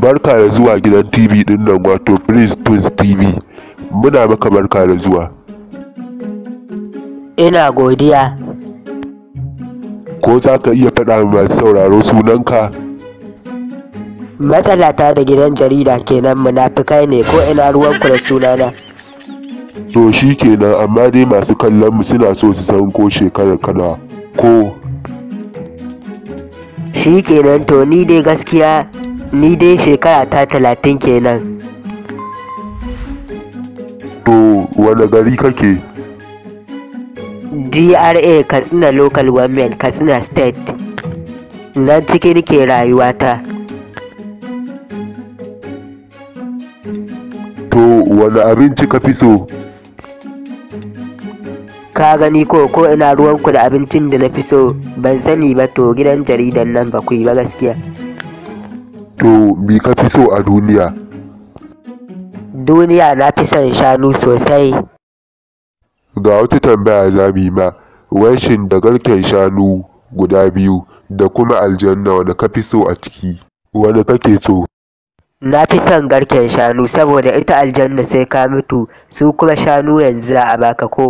Barka da zuwa gidan TV din nan wato Prince Prince TV. Muna maka barka da zuwa. Ina godiya. Ko za ka iya faɗa min masu sauraro sunanka? Matsalata da gidan jarida kenan munafikai ne ko ina ruwan da sunana. To shi kenan amma dai masu kallon mu suna so su san ko shekarar kana ko. Shi kenan to ni dai gaskiya ni dai shekara ta talatin kenan. To wane gari kake? D.R.A Katsina Local Government Katsina State. Nan ciki nake rayuwata. wani abinci ka fi so ka gani ko ko ina ruwanku da abincin da na fi so ban sani ba to gidan jaridan nan ba ku yi ba gaskiya to me ka fi so a duniya duniya na fi son shanu sosai ga wata tambaya za mu yi ma wanshin da garken shanu guda biyu da kuma aljanna wanda ka fi so a ciki wanda kake so Na fi son garken shanu, saboda ita aljanna sai ka mutu, su kuma shanu yanzu za a baka ko.